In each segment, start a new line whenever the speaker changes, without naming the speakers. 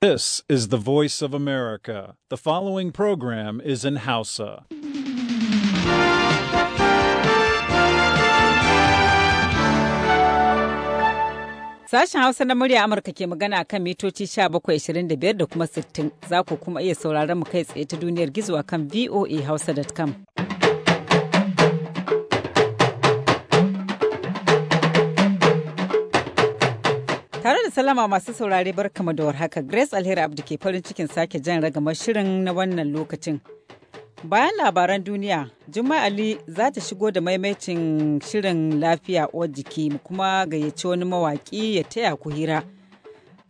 This is the voice of America. The following program is in Hausa. Sashen Hausa na murya Amurka ke magana kan mitoci 1725 da kuma 60 za ku kuma iya sauraron mu kai tsaye ta duniyar gizo a kan voahausa.com. da salama masu saurare barkama da warhaka Grace Alheri Abdi ke farin cikin sake jan ragamar shirin na wannan lokacin. Bayan labaran duniya, juma'a Ali za ta shigo da maimacin shirin lafiya uwar jiki mu kuma gayyaci wani mawaki ya taya ku hira.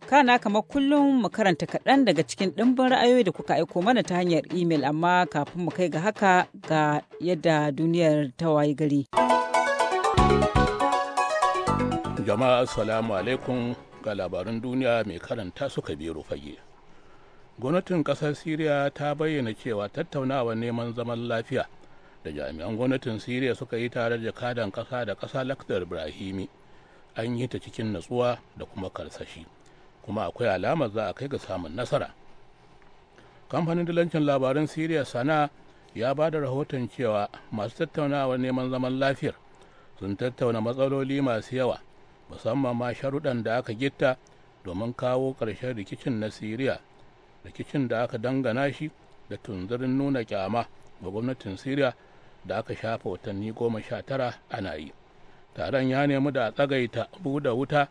Kana kamar kullum mu karanta kaɗan daga cikin ɗimbin ra'ayoyi da kuka aiko mana ta hanyar imel amma kafin mu kai ga haka ga yadda duniyar ta wayi gari.
Jama'a assalamu alaikum ga labarun duniya mai karanta suka kabiru fage gwamnatin kasar syria ta bayyana cewa tattaunawar neman zaman lafiya da jami'an gwamnatin syria suka yi tare da kadan kasa da kasa lakdar ibrahimi an yi ta cikin natsuwa da kuma karsashi kuma akwai alamar za a kai ga samun nasara kamfanin dalancin labarun syria sana ya ba da rahoton cewa masu tattaunawar neman zaman lafiyar sun tattauna matsaloli masu yawa musamman ma sharuɗan da aka gitta domin kawo ƙarshen rikicin na siriya rikicin da aka dangana shi da tunzirin nuna kyama ga gwamnatin siriya da aka shafa watanni goma sha tara ana yi taron ya nemi da a tsagaita buɗe wuta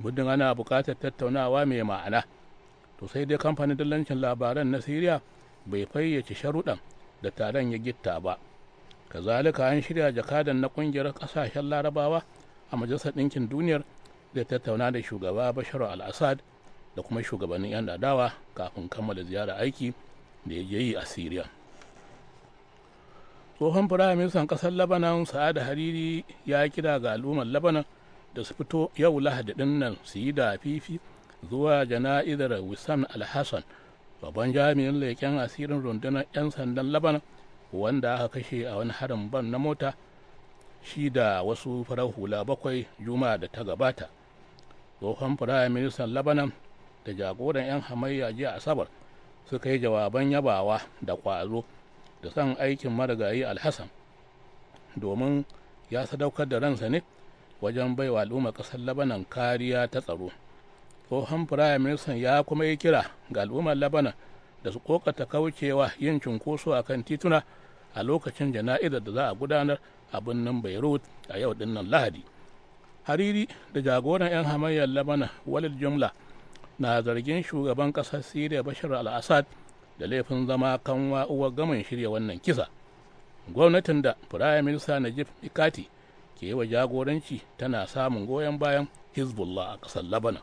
muddin ana buƙatar tattaunawa mai ma'ana to sai dai kamfanin dillancin labaran na siriya bai fayyace sharuɗan da taron ya gitta ba kazalika an shirya jakadan na ƙungiyar ƙasashen larabawa a majalisar ɗinkin duniyar zai tattauna da shugaba bashar al-assad da kuma shugabannin 'yan adawa kafin kammala ziyara aiki da ya yi a syria tsohon firaministan ƙasar labanan sa'ada hariri ya kira ga al'ummar labanan da su fito yau lahadi nan su yi da fifi zuwa jana'izar wissam AlHassan, babban jami'in leƙen asirin rundunar 'yan sandan labanan wanda aka kashe a wani harin ban na mota shi da wasu farar hula bakwai juma'a da ta gabata tsohon firayim ministan labanan da jagoran 'yan hamayya jiya asabar suka yi jawaban yabawa da kwazo da son aikin marigayi alhassan domin ya sadaukar da ransa ne wajen baiwa al'ummar ƙasar labanan kariya ta tsaro tsohon firayim ministan ya kuma yi kira ga al'ummar labanan da su kokata kaucewa yin cunkoso a kan tituna a lokacin jana'izar da za a gudanar a birnin beirut a yau dinnan lahadi hariri da jagoran 'yan hamayyar labana walid jumla na zargin shugaban kasar siriya bashar al-assad da laifin zama kanwa uwar gaman shirya wannan kisa gwamnatin da firayim minista najib ikati ke yi wa jagoranci tana samun goyon bayan hezbollah a kasar labana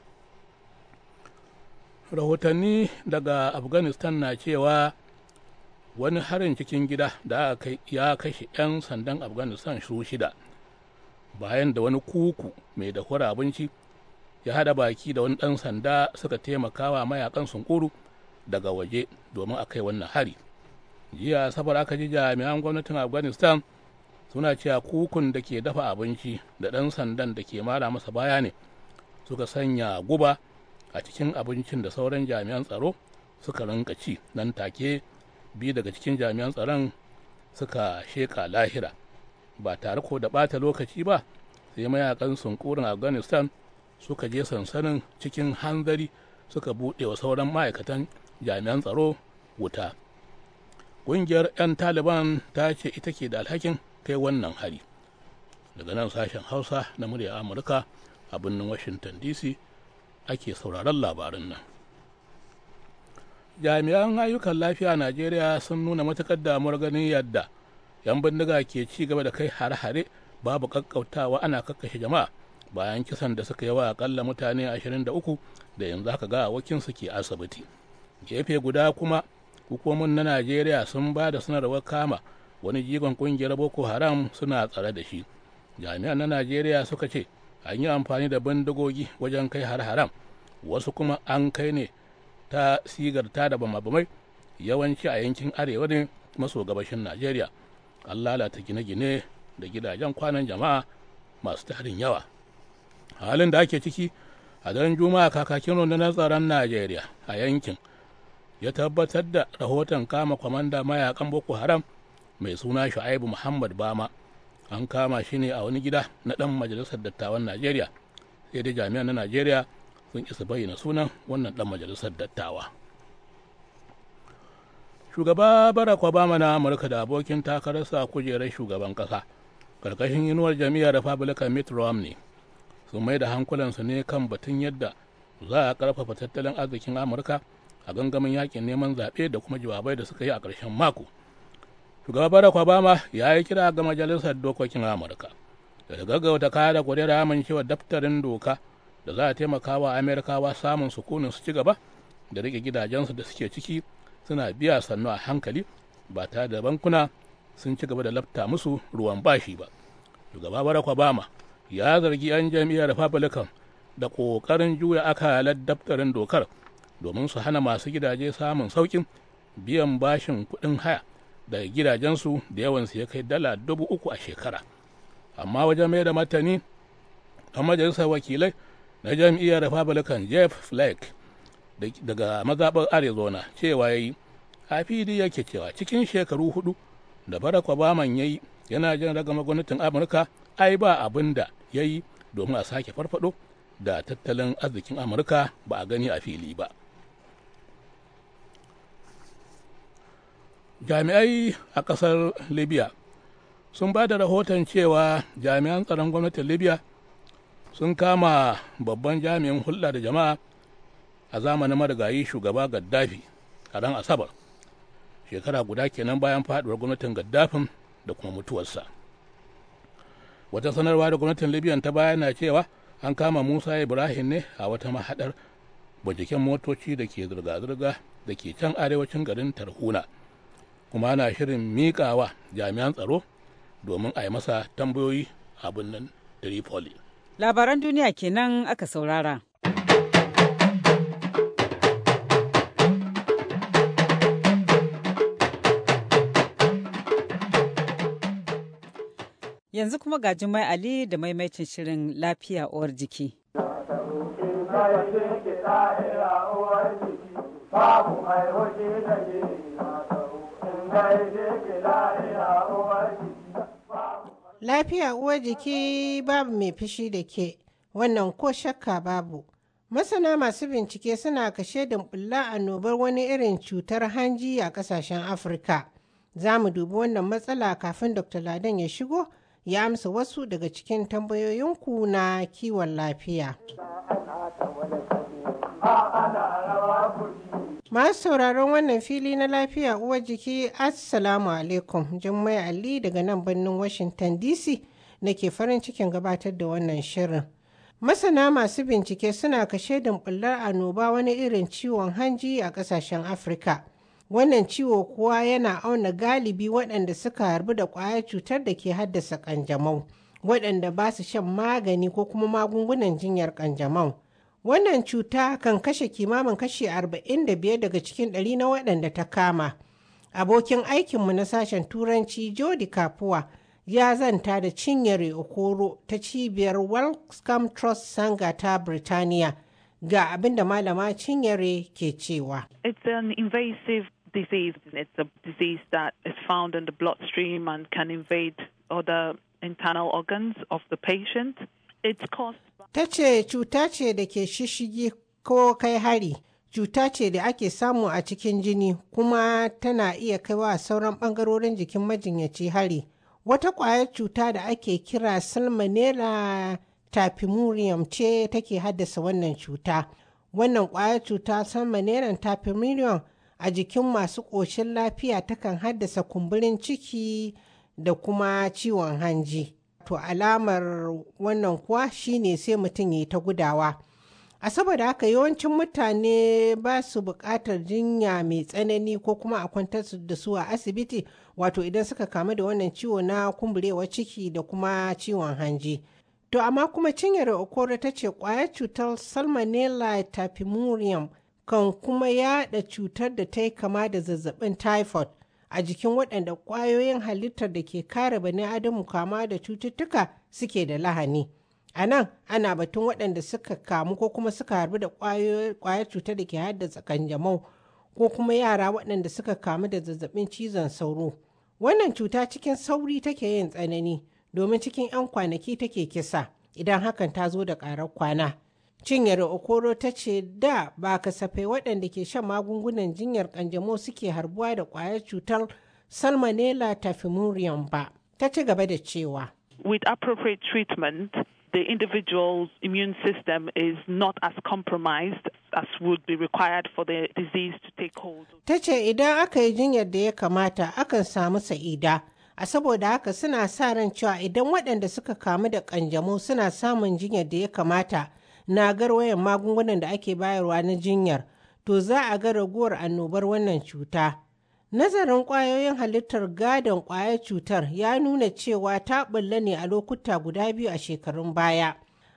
rahotanni daga afghanistan na cewa wani harin cikin gida da aka ya kashe 'yan sandan afghanistan su shida bayan da wani kuku mai dahuwar abinci ya hada baki da wani ɗan sanda suka taimakawa mayakan sunkuru daga waje domin a kai wannan hari jiya safar aka ji jami'an gwamnatin afghanistan suna cewa kukun da ke dafa abinci da ɗan sandan da ke mara masa baya ne suka sanya guba a cikin abincin da sauran jami'an tsaro suka rinka ci nan take biyu daga cikin jami'an tsaron suka sheka lahira ba tare ko da ɓata lokaci ba sai mayakan sunkurin afghanistan suka je sansanin cikin hanzari suka buɗe wa sauran ma'aikatan jami'an tsaro wuta ƙungiyar 'yan taliban ta ce ita ke da alhakin kai wannan hari daga nan sashen hausa na murya amurka a birnin washington dc ake sauraron labarin nan jami'an ayyukan lafiya a najeriya sun nuna matuƙar damuwar ganin yadda 'yan bindiga ke ci gaba da kai hare-hare babu kakkautawa ana kakkashe jama'a bayan kisan da suka yi wa akalla mutane 23 da yanzu haka ga su ke asibiti gefe guda kuma hukumomin na najeriya sun ba da sanarwar kama wani jigon kungiyar boko haram suna tsare da shi jami'an na najeriya suka ce an yi amfani da bindigogi wajen kai har haram wasu kuma an kai ne ta sigar ta da bamabamai yawanci a yankin arewa ne maso gabashin najeriya an lalata gine-gine da gidajen kwanan jama'a masu tarin yawa halin da ake ciki a daren juma'a kakakin na tsaron najeriya a yankin ya tabbatar da rahoton kama kwamanda mayakan boko haram mai suna shu'aibu muhammad bama an kama shi ne a wani gida na dan majalisar dattawan najeriya sai dai jami'an na najeriya sun isa bayyana sunan wannan ɗan majalisar dattawa shugaba barack obama na amurka da abokin takararsa kujerar shugaban ƙasa karkashin inuwar jami'ar republican mitt romney sun mai da hankulansu ne kan batun yadda za a karfafa tattalin arzikin amurka a gangamin yakin neman zaɓe da kuma jawabai da suka yi a ƙarshen mako shugaba barack obama ya yi kira ga majalisar dokokin amurka da gaggauta kada kuri'ar amincewa daftarin doka da za a taimaka wa amerikawa samun sukunin su ci gaba da rike gidajensu da suke ciki suna biya sannu a hankali ba ta da bankuna sun ci gaba da lafta musu ruwan bashi ba shugaba barack obama ya zargi 'yan jam'iyyar republican da ƙoƙarin juya akalar daftarin dokar domin su hana masu gidaje samun sauƙin biyan bashin kuɗin haya daga gidajensu da yawansu ya kai dala dubu uku a shekara amma wajen mai da matani a majalisar wakilai na jam'iyyar republican jeff flake daga mazaɓar arizona cewa ya yi a yake cewa cikin shekaru hudu da barack obama ya yi yana jin ragama gwamnatin amurka ai ba abin da ya yi domin a sake farfado da tattalin arzikin amurka ba a gani a fili ba jami'ai a ƙasar libya sun ba da rahoton cewa jami'an tsaron gwamnatin libya sun kama babban jami'in hulɗa da jama'a a zamanin marigayi shugaba gaddafi a ran asabar shekara guda kenan bayan faduwar gwamnatin gaddafin da kuma mutuwarsa wata sanarwa da gwamnatin libyan ta baya na cewa an kama musa ibrahim ne a wata mahaɗar binciken motoci da ke zirga-zirga da ke can arewacin garin tarhuna kuma ana shirin miƙawa jami'an tsaro domin a yi masa tambayoyi a birnin tripoli Labaran duniya kenan aka saurara.
Yanzu kuma ga Jumai Ali da maimaicin shirin lafiya uwar jiki.
Babu mai hoji da ke na lafiya uwar jiki.
Lafiya uwar jiki babu mai fushi da ke, wannan ko shakka babu. Masana masu bincike suna kashe da bulla annobar wani irin cutar hanji a ƙasashen Afirka. Za mu dubi wannan matsala kafin Dr. Ladan ya shigo ya amsa wasu daga cikin tambayoyinku na kiwon lafiya. Masu sauraron wannan fili na lafiya uwar jiki Assalamu alaikum Jummai Ali daga nan birnin Washington DC na ke farin cikin gabatar da wannan shirin. Masana masu bincike suna kashe bullar annoba wani irin ciwon hanji a ƙasashen Afirka. Wannan ciwo kuwa yana auna galibi waɗanda suka harbu da ƙwayar cutar da ke haddasa ƙanjamau, waɗanda ba su shan magani ko kuma magungunan jinyar ƙanjamau. Wannan cuta kan kashe kimamin kashi 45 daga cikin ɗari na waɗanda ta kama. Abokin aikinmu na sashen Turanci Jody Kapuwa ya zanta da cinyere okoro ta cibiyar Wellcome Trust Sanga ta Birtaniya ga abin da malama cinyere ke cewa.
It's an invasive disease. It's a disease that is found in the bloodstream and can invade other internal organs of the patient. It's caused
ta ce cuta ce da ke shishigi ko kai hari cuta ce da ake samu a cikin jini kuma tana iya kaiwa sauran bangarorin jikin majinyaci hari wata kwayar cuta da ake kira salmonella tapimurium ce take haddasa wannan cuta wannan kwayar cuta salmonella tapimurium a jikin masu ƙoshin lafiya takan haddasa kumburin ciki da kuma ciwon hanji to alamar wannan kuwa shine sai mutum ya ta gudawa a saboda haka yawancin mutane ba su buƙatar jinya mai tsanani ko kuma a kwantar da su a asibiti wato idan suka kamu da wannan ciwo na kumburewa ciki da kuma ciwon hanji to amma kuma cinyar okoro ta ce ƙwayar cutar salmonella tapimurium kan kuma yaɗa cutar da ta yi kama da zazzabin typhoid a jikin waɗanda ƙwayoyin halittar da ke kare bani adamu kama da cututtuka suke da lahani a nan ana batun waɗanda suka kamu ko kuma suka harbi da ƙwayar cuta da ke haddasa kanjamau ko kuma yara waɗanda suka kamu da zazzabin cizon sauro wannan cuta cikin sauri take yin tsanani domin cikin 'yan kwanaki take kisa idan hakan ta zo da ƙarar kwana Cinyar Okoro ta ce da ba kasafai waɗanda ke shan magungunan jinyar ƙanjamau suke harbuwa da ƙwayar cutar salmonella typhimurium ba. Ta ci gaba da cewa.
With appropriate treatment, the individual's immune system is not as compromised as would be required for the disease
to take hold. Ta ce idan aka yi jinyar da ya kamata akan samu sa'ida. A saboda haka suna sa ran cewa idan waɗanda suka kamu da ƙanjamau suna samun jinyar da ya kamata na garwayan magungunan da ake bayarwa na jinyar to za a ga raguwar annobar wannan cuta. Nazarin ƙwayoyin halittar gadon ƙwayar cutar ya nuna cewa ta bulla ne a lokuta guda biyu a shekarun baya.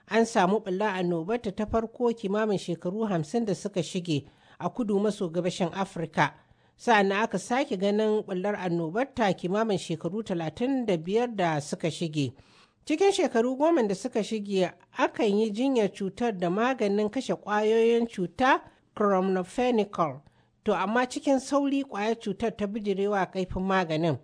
An samu bulla annobarta ta farko kimamin shekaru hamsin da suka shige a kudu maso gabashin Afirka. Sa'an aka sake ganin ɓullar annobarta kimamin shekaru talatin da biyar da suka shige. Cikin shekaru goma da suka shige akan yi jinyar cutar da maganin kashe kwayoyin cuta chromophenicol, to amma cikin sauri ƙwayar cutar ta bijirewa kaifin maganin.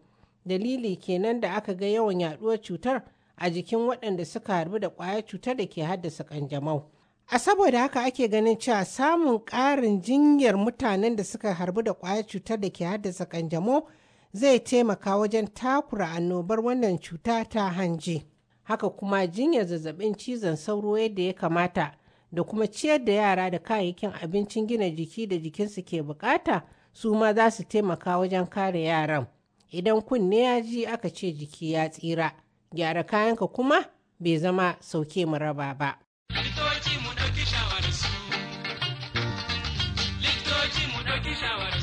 Dalili kenan da aka ga yawan yaduwar cutar a jikin waɗanda suka harbu da ƙwayar cutar da ke haddasa ƙanjamau. A saboda haka ake ganin cewa samun ƙarin jinyar mutanen da suka harbu da ƙwayar cutar da ke haddasa ƙanjamau zai taimaka wajen takura annobar wannan cuta ta hanji. haka kuma jinyar zazzabin cizon sauro yadda ya kamata da kuma ciyar da yara da kayayyakin abincin gina jiki da jikinsu ke bukata su ma za su taimaka wajen kare yaran idan kunne ya ji aka ce jiki ya tsira gyara kayanka kuma bai zama sauke mu raba ba
likitoci mu ɗauki shawararsu likitoci mu ɗauki shawararsu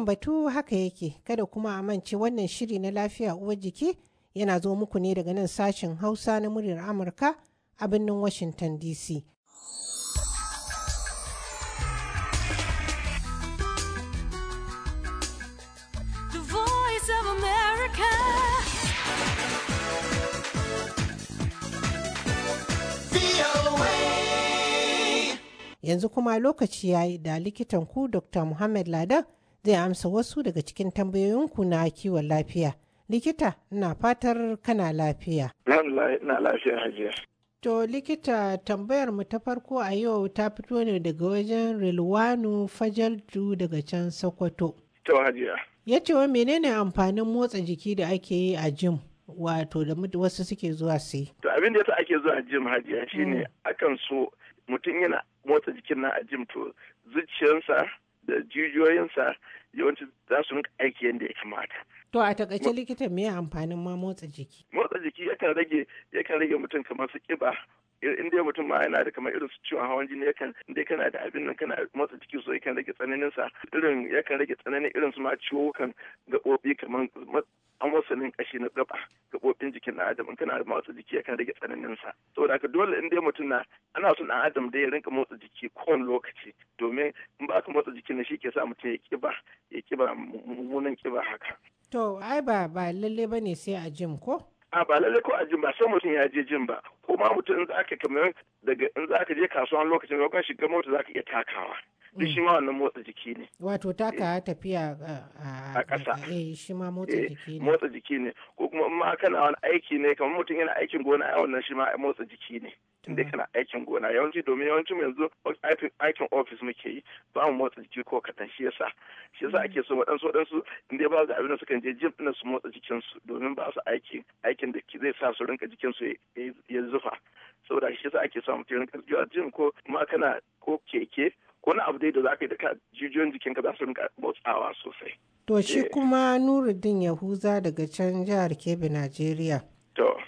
Wannan batu haka yake, kada kuma a mance wannan shiri na lafiya uwar jiki yana zo muku ne daga nan sashen Hausa na muryar Amurka a birnin Washington DC. Yanzu kuma lokaci ya yi da likitan ku Dr. Muhammad Ladan zai amsa wasu daga cikin tambayoyinku na kiwon lafiya. Likita, ina fatar kana lafiya.
Ina lafiya hajiya.
To likita tambayar mu ta farko a yau ta fito ne daga wajen Rilwanu Fajaldu daga can Sokoto. To hajiya. Ya ce wa menene amfanin motsa jiki da ake yi a jim wato da wasu suke zuwa su yi.
To abin da ake zuwa jim hajiya shine mm. akan so mutum yana motsa jikin na a jim to zuciyarsa da jijiyoyinsa yawanci za su rinka aiki yadda ya kamata.
To a takaice likita me amfanin ma motsa jiki?
Motsa jiki yakan rage yakan rage mutum kamar su kiba in dai mutum ma yana da kamar irin su ciwon hawan jini yakan in dai kana da abin nan kana motsa jiki so yakan rage tsananin sa irin yakan rage tsananin irin su ma ciwukan gaɓoɓi kamar amosanin kashi na gaba gaɓoɓin jikin na adam in kana da motsa jiki yakan rage tsananin sa saboda haka dole in dai mutum na ana son dan adam dai ya rinka motsa jiki kowane lokaci domin in ba ka motsa jikin na shi ke sa mutum ya kiba ya kiba mummunan kiba haka.
To ai ba ba lalle bane sai a jim ko?
a ba lalle ko a jin ba sai mutum ya je jin ba ko ma mutum in zaka kamar daga in zaka je kasuwa lokacin lokacin shiga mota zaka iya takawa duk shi ma wannan motsa jiki ne
wato taka eh. tafiya uh,
uh, a ƙasa
eh shi ma motsa eh, jiki ne
motsa jiki ne ko kuma in ma kana wani aiki ne kamar mutum yana aikin gona a wannan shi ma motsa jiki ne tun da kana aikin gona yawanci domin yawanci yanzu aikin ofis muke yi ba mu motsa jiki ko kaɗan shi yasa shi yasa ake so waɗansu waɗansu in dai ba su abin da suka je jim ɗin su motsa jikinsu domin ba su aiki aikin da zai sa su rinka jikinsu ya zufa saboda shi yasa ake mutum rinka jiwa jim ko ma kana ko keke ko na abu dai da za ka yi da ka jijiyoyin jikinka za su rinka motsawa sosai.
To shi eh. kuma Nuruddin Yahuza daga can jihar Kebbi, Najeriya.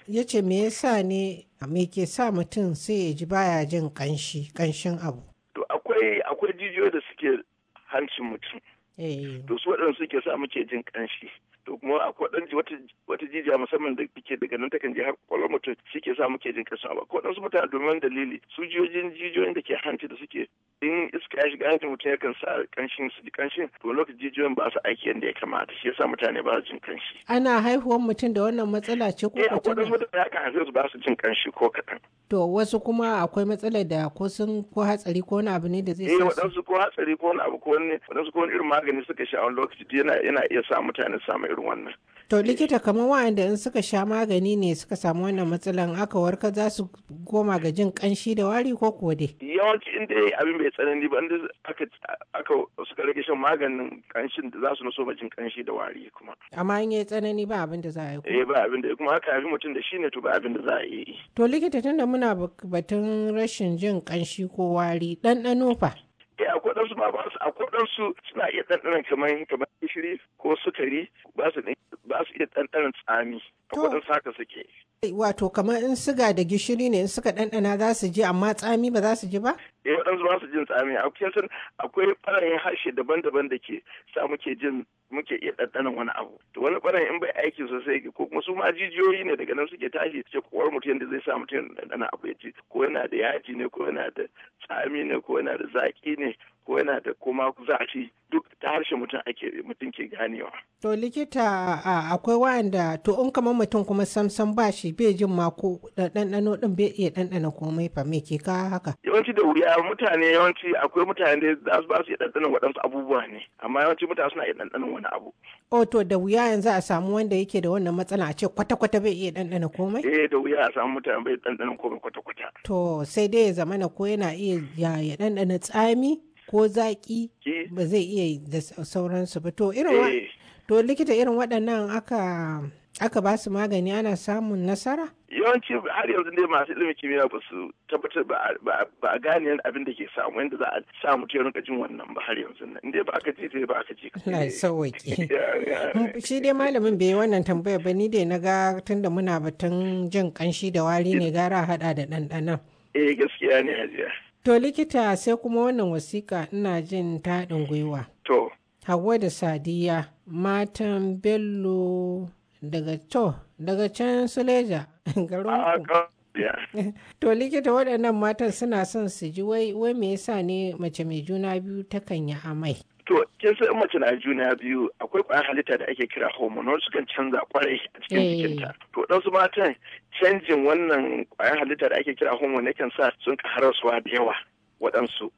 ya ce me yasa ne me ke sa mutum sai ya ji baya jin kanshi kanshin abu
to akwai akwai jijiyoyi da suke hancin mutum eh. to su waɗanda suke sa muke jin kanshi to kuma akwai ɗan wata jijiya musamman da ke daga nan takan je har kwakwalwar mutum shi ke sa muke jin kasan abu akwai ɗansu mutane domin dalili su jijiyoyin da ke hanci da suke in iska ya shiga yankin mutum yakan sa kanshin su ji kanshin to lokacin jijiyoyin ba su aiki yadda ya kamata shi yasa mutane ba su jin kanshi.
ana haihuwar mutum da wannan matsala ce ko eh, kuma akwai kuma
da kan haife su ba su jin kanshi ko kaɗan.
to wasu kuma akwai matsala da ko sun ko hatsari ko wani abu ne da zai eh, sa su. eh waɗansu
ko hatsari ko wani abu ko wani waɗansu ko wani irin magani suka sha a wani lokaci yana yana iya sa mutane su
samu irin wannan. to likita kamar wa'anda in suka sha magani ne suka samu wannan matsalan aka warka za su goma ga jin kanshi da wari ko kuwa dai
yawanci inda yayi abin bai tsanani ba inda aka suka rage shan maganin kanshin da za su naso ma jin kanshi da wari kuma
amma in yayi tsanani ba abin da za a yi eh
ba abin da kuma haka abin mutum da shi ne to ba abin da za a yi
to likita tunda muna batun rashin jin kanshi ko wari ɗanɗano fa
eh akwai ɗansu ma ba su akwai ɗansu suna iya ɗanɗanan kamar kamar gishiri ko sukari ba su ba su iya ɗanɗanan tsami akwai ɗansu haka suke.
Wato kamar in siga da gishiri ne in suka ɗanɗana za su ji amma tsami ba za su ji ba?
Eh waɗansu ba su jin tsami akwai san akwai ɓarayin harshe daban-daban da ke sa muke jin muke iya ɗanɗanan wani abu to wani ɓarayin in bai aiki sosai ko kuma su ma jijiyoyi ne daga nan suke tashi ce kowar mutum yadda zai sa mutum ɗanɗana abu ya ci ko yana da yaji ne ko yana da tsami ne ko yana da zaƙi ne ko yana da koma kuzashi duk ta harshe mutum ake mutum ke ganewa.
To likita akwai wa'anda to in kamar mutum kuma samsam ba shi bai jin mako da ɗanɗano ɗin bai iya ɗanɗana komai fa me ke ka haka.
Yawanci da wuya mutane yawanci akwai mutane da za su ba su iya ɗanɗana waɗansu abubuwa ne amma yawanci mutane suna iya ɗanɗana wani abu.
O to da wuya yanzu a samu wanda yake da wannan matsala a ce kwata-kwata bai iya ɗanɗana komai?
Eh da wuya a samu mutane bai ɗanɗana komai kwata-kwata.
To sai dai ya zamana ko yana iya ya ɗanɗana tsami ko zaƙi ba zai iya da sauransu ba to irin eh. to likita irin waɗannan aka aka ba su magani ana samun nasara
yawanci har yanzu dai masu ilimin kimiyya ba su tabbatar ba a gane abin da ke samu yadda za a sa mutum ya rinka jin wannan ba har yanzu nan inda ba aka ce ba aka ce
na sauwaki shi dai malamin bai wannan tambaya ba ni dai na ga tunda muna batun jin kanshi da wari ne eh. gara hada da ɗanɗanan
eh gaskiya ne hajiya
To likita sai kuma wannan wasiƙa ina jin taɗin gwiwa. To. Hauwa da Sadiya matan Bello daga to daga can Suleja garin ah, To likita waɗannan matan suna son su ji wai me yasa ne mace mai juna biyu takan yi amai.
To, kin san mace na juna biyu akwai kwayar halitta da ake kira hormonal sukan canza kwarai
a cikin eh. jikinta.
To, su matan canjin wannan kwayar halitta da ake kira hormone yakan sa sun harasuwa da yawa waɗansu.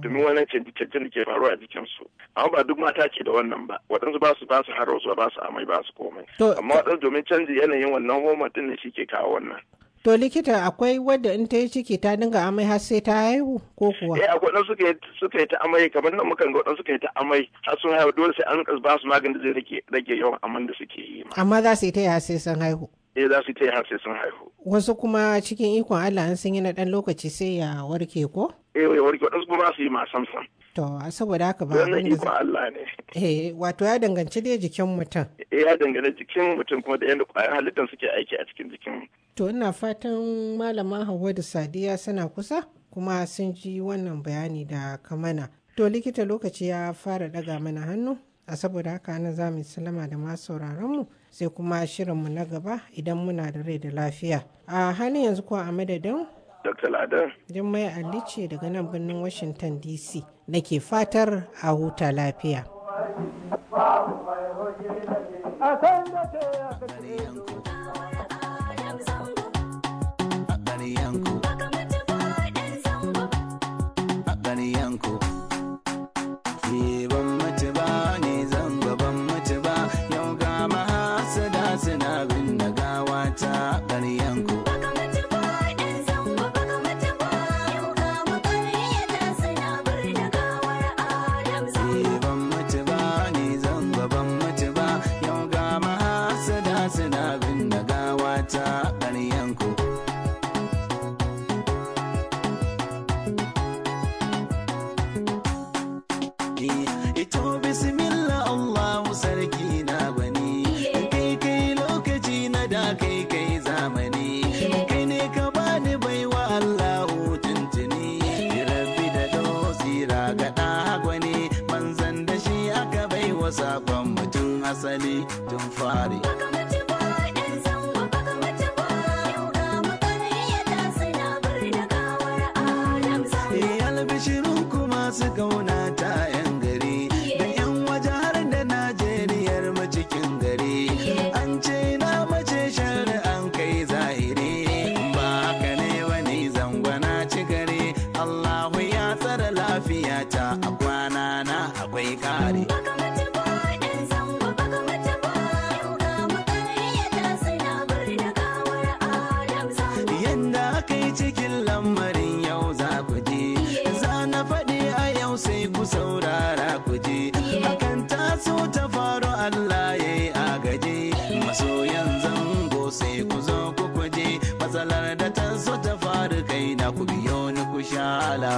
Domin wannan canjin da ke faruwa a jikinsu. Amma ba duk mata ce da wannan ba. Waɗansu ba su ba su harasuwa ba su amai ba su komai. Amma waɗansu domin canji yanayin wannan hormone ɗin ne shi ke kawo wannan.
To likita akwai wadda in ta yi ciki ta dinga amai har sai ta haihu ko kuwa? Eh
akwai dan suka yi ta amai kamar nan muka ga dan suka yi ta amai har sun haihu dole sai an ba su magani da zai rage yawan aman da suke yi.
Amma za su yi ta yi har sai sun haihu.
Eh za su yi ta yi har sai sun haihu.
Wasu kuma cikin ikon Allah an sun yi na dan lokaci sai ya warke ko?
Eh warke wadansu kuma ba su yi ma sam sam.
To, saboda haka ba abin da zai. Allah ne. Eh, wato ya danganci dai jikin mutum.
Eh, ya danganci jikin mutum kuma da yadda ƙwayar halittar suke aiki a cikin jikin.
To, ina fatan malama Hauwa da Sadiya suna kusa kuma sun ji wannan bayani da kamana. To, likita lokaci ya fara daga mana hannu. A saboda haka na za mu salama da masu sauraronmu sai kuma shirin mu na gaba idan muna da rai da lafiya. A halin yanzu kuwa a madadin
Dr. Ladar.
Jummai Ali ce daga nan birnin Washington DC nake fatar a huta lafiya.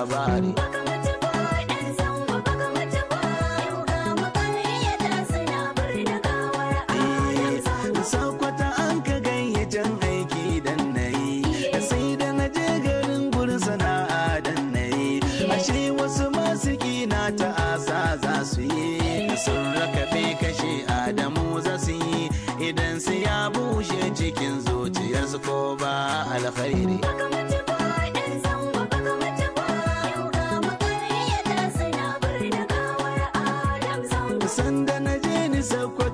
labari Sakwata eh, an ka gayyacin aiki dan na sai da na je garin gurin sana'a dan na ashe wasu masu kina ta asa za su yi, sun rakabe kashe Adamu za su yi, idan su ya bushe cikin zuciyarsu ko ba alkhairi.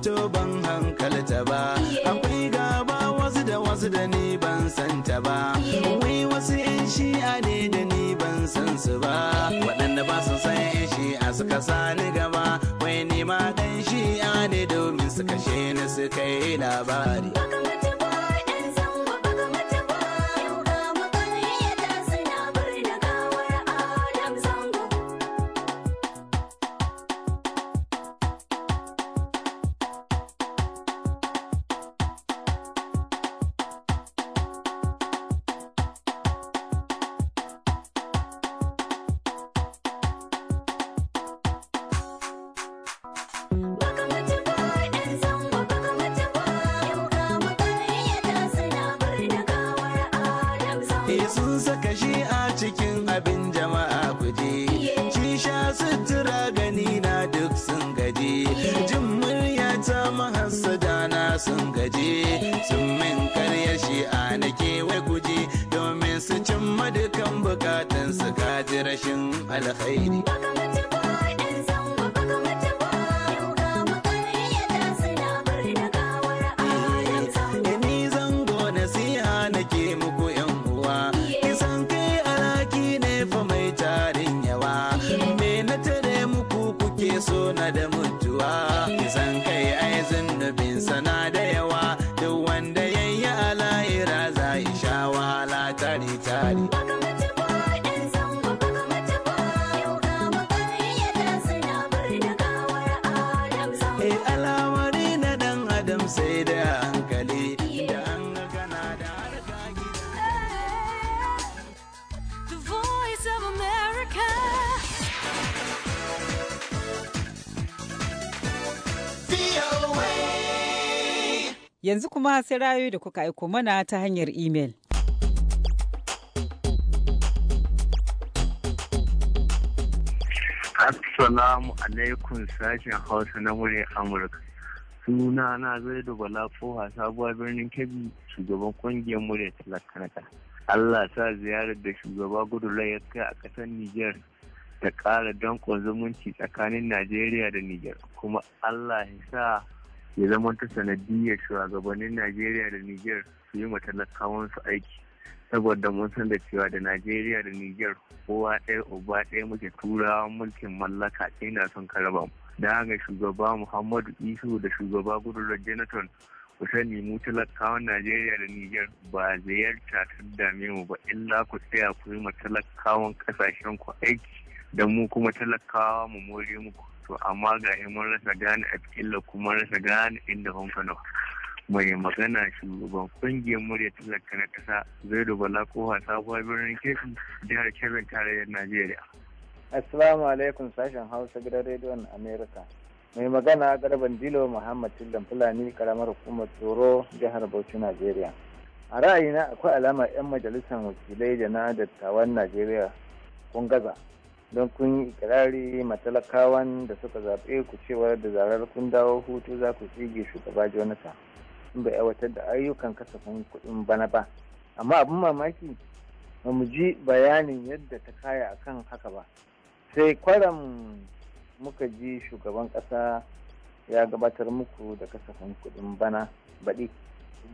fito ban hankalta ba akwai gaba wasu da wasu da ni ban santa ba wai wasu yan shi'a ne da ni ban san su ba waɗanda ba su san yan shi'a suka sani gaba wai ni ma ɗan shi'a ne domin suka shi ni suka yi labari eh sun saka shi a cikin abin jama'a kuje shi sha sutura gani na duk sun gaji jin murya ta mahassada na sun gaji sun min karyar shi a na kewai kuje domin su cimma dukan bukatun su kaji rashin alkhairi
Yanzu kuma sai rayu da kuka aiko mana ta hanyar imel.
Assalamu alaikum sashen Hausa na murya Amurka. Suna na zai da Bala Foha sabuwar birnin Kebbi shugaban kungiyar murya talakanaka. Allah sa ziyarar da shugaba gudu ya kai a ƙasar Nijar ta ƙara danƙon zumunci tsakanin Najeriya da Nijar. Kuma Allah ya sa ya zama ta sanadiyar shugabannin najeriya da niger su yi matalakawan su aiki saboda mun san da cewa da najeriya da niger kowa ɗaya uba ɗaya muke turawa mulkin mallaka ina son karaba mu da haka shugaba muhammadu isu da shugaba gudun jonathan ku sani mu talakawan najeriya da niger ba ziyarta ta dame mu ba illa ku tsaya ku yi matalakawan kasashen ku aiki da mu kuma talakawa mu more muku to amma ga mun rasa gane a cikin kuma rasa gane inda hunfano mai magana shugaban kungiyar murya tallaka na kasa zai dubala kowa sabuwar birnin kefi jihar kebin tarayyar najeriya
assalamu alaikum sashen hausa gidan rediyon america mai magana garban dilo muhammad tildan fulani karamar hukumar tsoro jihar bauchi najeriya a ra'ayina akwai alama 'yan majalisar wakilai da na dattawan najeriya kun gaza don kun yi ikirari matalakawan da suka zaɓe ku cewa da zarar kun dawo hutu za ku tsige shugaba jonathan in bai aiwatar da ayyukan kasafin kuɗin bana ba amma abin mamaki ba mu ji bayanin yadda ta kaya a kan haka ba sai kwaran muka ji shugaban ƙasa ya gabatar muku da kasafin kuɗin bana baɗi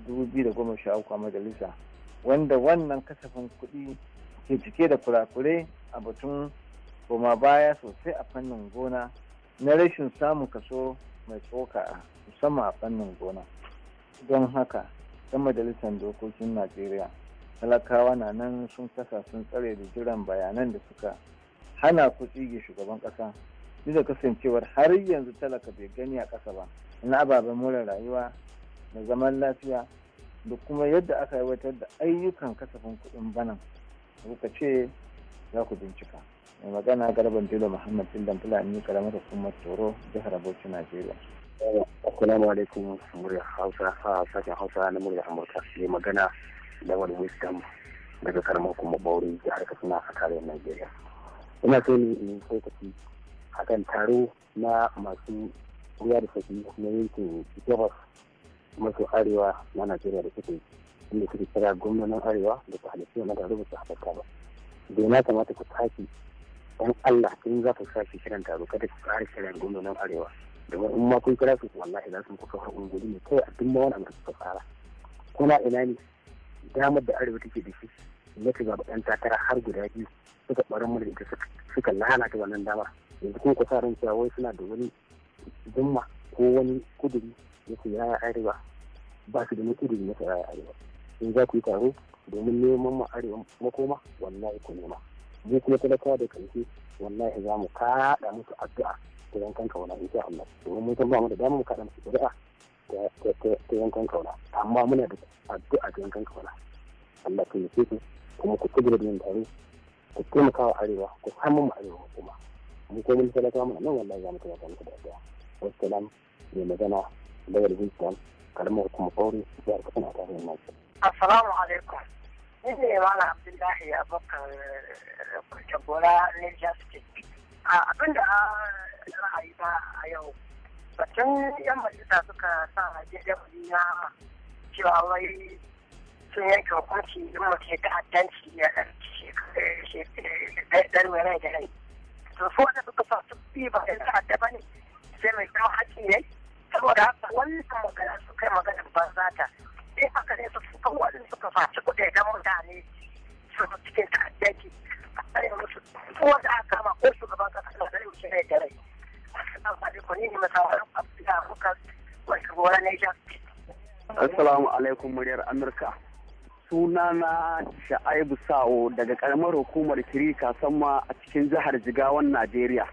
uku a majalisa wanda wannan kasafin kuɗi ke cike da kurakure a batun koma baya sosai a fannin gona na rashin samun kaso mai tsoka a musamman a fannin gona don haka ta majalisar dokokin najeriya talakawa na nan sun kasa sun tsare da jiran bayanan da suka hana ku tsige shugaban kasa duk kasancewar har yanzu talaka bai gani a kasa ba na ababen more rayuwa da zaman lafiya da kuma yadda aka aiwatar da ayyukan kasafin kuɗin banan kuka ce za ku bincika. mai magana garban dilo muhammad sildan fulani karamar hukumar toro jihar bauchi najeriya assalamu alaikum
murya hausa a sashen hausa na murya amurka mai magana lawal wisdom daga karamar kuma bauri jihar suna a tarayyar najeriya ina so ne in tsokaci a kan taro na masu ruwa da saki na yankin gabas masu arewa na najeriya da suke inda suke kira gwamnonin arewa da su halittu na gari ta su haɗaka ba da kamata ku taki don Allah in za ka sake kiran taro kada ka ƙara kiran gwamnonin arewa domin in ma kun kira su wallahi za su muku kawar ungulu ne kawai a duk ma wani abu da suka fara kuna ina ne damar da arewa take da shi na ta gaba ɗan takara har guda biyu suka ɓarin mu da ita suka lalata wannan damar yanzu kuma ku sa ran cewa wai suna da wani zumma ko wani kuduri na tsiraya arewa ba su da wani kuduri na tsiraya arewa in za ku yi taro domin neman ma arewa makoma wallahi ku nema mu kuma talakawa da kanti wallahi za mu kaɗa musu addu'a ta yankan kauna in sha Allah domin mun san ba mu da damar mu kaɗa musu addu'a ta yankan kauna amma muna da addu'a ta yankan kauna Allah ka yi su kuma ku ci gaba da yin tare ku taimaka wa arewa ku samu mu arewa kuma mu ko mun talakawa mu nan wallahi za mu taimaka muku da addu'a wassalam mai magana daga da zuciya karamar kuma kauri jihar katsina ta hanyar
Assalamu alaikum. Ni ne
Malam Abdullahi Abubakar eh, Kwantagora Niger State. Abin da ra'ayi ba a yau batun yan majalisa suka sa a jadawali na cewa wai sun yanke hukunci in mutum ya ta'addanci ya ɗan mai rai da rai. To su wanda suka sa su bi ba ɗan ta'adda ba ne sai mai kawo haƙƙi ne. Saboda haka wannan magana su kai magana ba za ta sai aka ne su suka wani suka faci kuɗaɗen mutane su cikin ta'addaki a tsaye musu kuma da aka kama ko shugaban kasa na gari mutum ne da rai assalamu alaikum ni ne masawar abuja muka wasu gora niger
assalamu alaikum muryar amurka na sha'aibu
sa'o daga karamar hukumar kirika sama a cikin jihar jigawan najeriya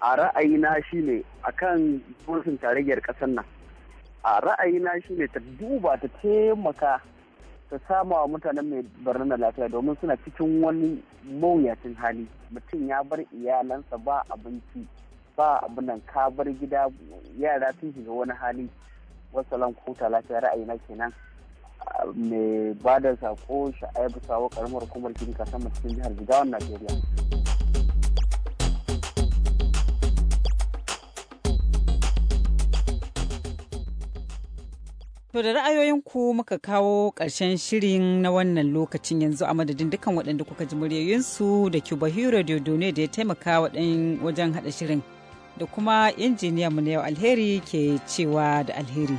a ra'ayina shine akan gwamnatin tarayyar ƙasar nan a ra'ayina shi ne ta duba ta taimaka ta sama wa mutanen mai barna lafiya domin suna cikin wani mawuyacin hali mutum ya bar iyalansa ba abinci ba abinan ka bar gida yara sun shiga wani hali wasalan kuta lafiya ra'ayina kenan mai ba da sako bisa wa karamar hukumar gini kasan cikin jihar jigawan najeriya
To da ra'ayoyinku muka kawo ƙarshen shirin na wannan lokacin yanzu a madadin dukkan waɗanda kuka ji muryoyinsu da Cuba Hero Diodone da ya taimaka wajen haɗa shirin da kuma injiniyanmu na yau alheri ke cewa da alheri.